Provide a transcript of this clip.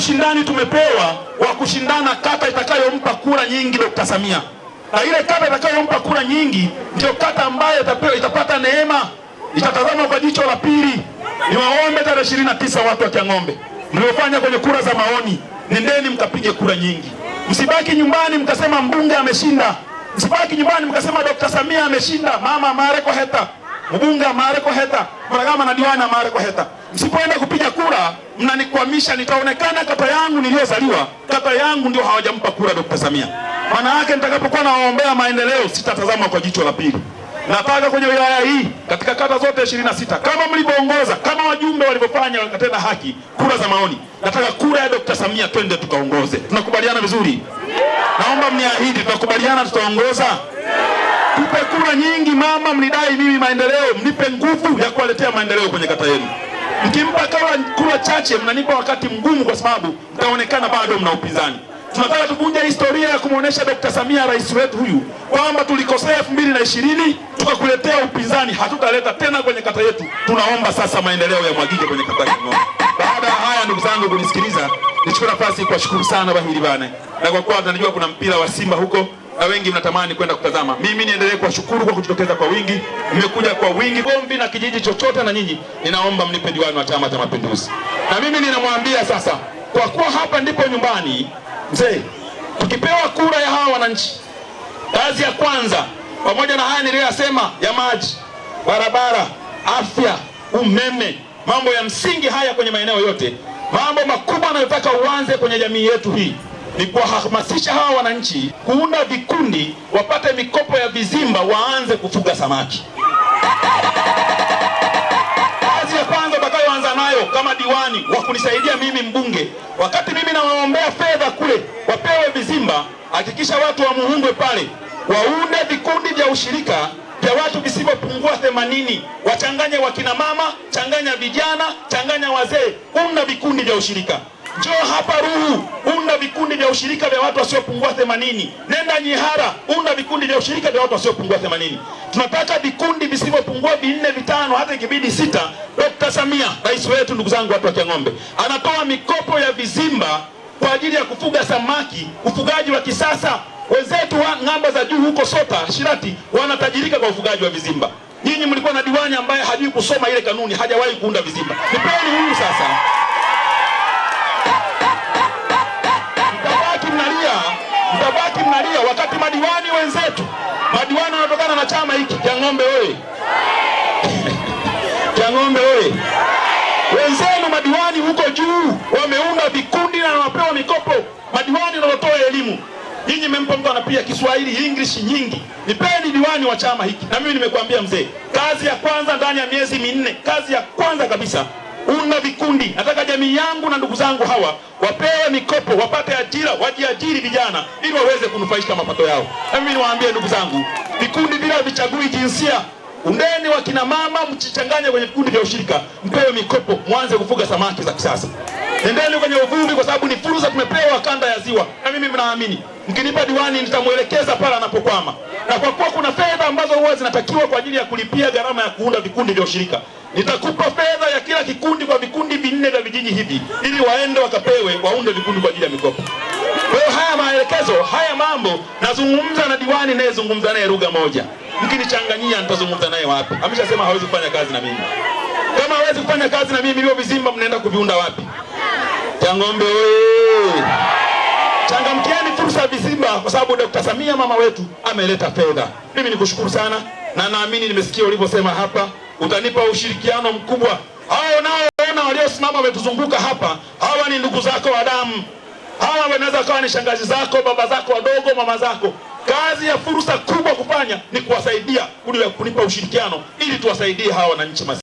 ushindani tumepewa wa kushindana kata itakayompa kura nyingi Dr. Samia, na ile kata itakayompa kura nyingi ndio kata ambayo itapewa, itapata neema, itatazama kwa jicho la pili. Niwaombe tarehe ishirini na tisa watu wa Kiang'ombe mliofanya kwenye kura za maoni, nendeni mkapige kura nyingi, msibaki nyumbani mkasema mbunge ameshinda, msibaki nyumbani mkasema Dr. Samia ameshinda, mama amare kwa heta mbunge amare kwa heta mwanagama na diwani amare kwa heta. Msipoenda kupiga kura mnanikwamisha, nitaonekana kata yangu niliyozaliwa, kata yangu ndio hawajampa kura Dr. Samia. Maana yake nitakapokuwa nawaombea maendeleo sitatazama kwa jicho la pili. Nataka kwenye wilaya hii katika kata zote ishirini na sita kama mlivyoongoza, kama wajumbe walivyofanya wakatenda haki, kura za maoni, nataka kura ya Dr. Samia, twende tukaongoze. Tunakubaliana vizuri? Naomba mniahidi, tunakubaliana tutaongoza Tupe kura nyingi mama, mnidai mimi maendeleo, mnipe nguvu ya kuwaletea maendeleo kwenye kata yenu. Mkimpa kawa kura chache, mnanipa wakati mgumu, kwa sababu mtaonekana bado mna upinzani. Tunataka tuvunje historia ya kumwonyesha Dkt. Samia rais wetu huyu kwamba tulikosea elfu mbili na ishirini tukakuletea upinzani, hatutaleta tena kwenye kata yetu. Tunaomba sasa maendeleo ya mwagike kwenye kata yetu. Baada ya haya, ndugu zangu, kunisikiliza, nichukue nafasi kuwashukuru sana Bahili bane, na kwa kuwa tunajua kuna mpira wa Simba huko na wengi mnatamani kwenda kutazama. Mimi niendelee kuwashukuru kwa kujitokeza kwa wingi, mmekuja kwa wingi Gombi na kijiji chochote, na nyinyi ninaomba mnipe diwani wa Chama cha Mapinduzi. Na mimi ninamwambia sasa, kwa kuwa hapa ndipo nyumbani, mzee, tukipewa kura ya hawa wananchi, kazi ya kwanza pamoja na haya niliyoyasema ya maji, barabara, afya, umeme, mambo ya msingi haya kwenye maeneo yote, mambo makubwa anayotaka uanze kwenye jamii yetu hii ni kuwahamasisha hawa wananchi kuunda vikundi, wapate mikopo ya vizimba, waanze kufuga samaki. Kazi ya kwanza utakayoanza nayo kama diwani wa kunisaidia mimi mbunge, wakati mimi nawaombea fedha kule wapewe vizimba, hakikisha watu wa pale waunde vikundi vya ushirika vya watu visivyopungua themanini. Wachanganye wakina mama, changanya vijana, changanya wazee, unda vikundi vya ushirika. Njoo hapa Ruhu, unda vikundi vya ushirika vya watu wasiopungua 80. Nenda Nyihara, unda vikundi vya ushirika vya watu wasiopungua 80. Tunataka vikundi visivyopungua vinne, vitano, hata ikibidi sita. Dr. Samia rais wetu, ndugu zangu, watu wa Kiang'ombe, anatoa mikopo ya vizimba kwa ajili ya kufuga samaki, ufugaji wa kisasa. Wenzetu wa ng'amba za juu huko Sota Shirati wanatajirika kwa ufugaji wa vizimba. Nyinyi mlikuwa na diwani ambaye hajui kusoma ile kanuni, hajawahi kuunda vizimba. Nipeni huyu sasa wenzetu madiwani wanatokana na chama hiki ngombe wewe cha ngombe wewe Wenzenu madiwani huko juu wameunda vikundi na wanapewa mikopo madiwani wanaotoa elimu. Nyinyi mmempa mtu anapia Kiswahili English nyingi, nipeni diwani wa chama hiki. Na mimi nimekuambia mzee, kazi ya kwanza ndani ya miezi minne, kazi ya kwanza kabisa una vikundi. Nataka jamii yangu na ndugu zangu hawa wapewe mikopo, wapate ajira, wajiajiri vijana ili waweze kunufaisha mapato yao. Na mimi niwaambie ndugu zangu, vikundi bila vichagui jinsia. Undeni wa kina mama mchichanganye kwenye vikundi vya ushirika, mpewe mikopo, mwanze kufuga samaki za kisasa. Endeni kwenye uvuvi kwa sababu ni fursa tumepewa kanda ya Ziwa, na mimi mnaamini, mkinipa diwani nitamwelekeza pale anapokwama na kwa kuwa kuna fedha ambazo huwa zinatakiwa kwa ajili ya kulipia gharama ya kuunda vikundi vya ushirika, nitakupa fedha ya kila kikundi kwa vikundi vinne vya vijiji hivi, ili waende wakapewe, waunde vikundi kwa ajili ya mikopo. Kwa hiyo haya maelekezo haya mambo, nazungumza na diwani, nayezungumza naye lugha moja. Mkinichanganyia nitazungumza naye wapi? Ameshasema hawezi kufanya kazi na mimi. Kama hawezi kufanya kazi na mimi, hivyo vizimba mnaenda kuviunda wapi? Tangombe kwa sababu Dkt. Samia mama wetu ameleta fedha. Mimi nikushukuru sana na naamini nimesikia ulivyosema hapa, utanipa ushirikiano mkubwa. Hao unaoona waliosimama wametuzunguka hapa, hawa ni ndugu zako wa damu, hawa wanaweza kawa ni shangazi zako, baba zako wadogo, mama zako. Kazi ya fursa kubwa kufanya ni kuwasaidia, kunipa ushirikiano ili tuwasaidie hawa wananchi.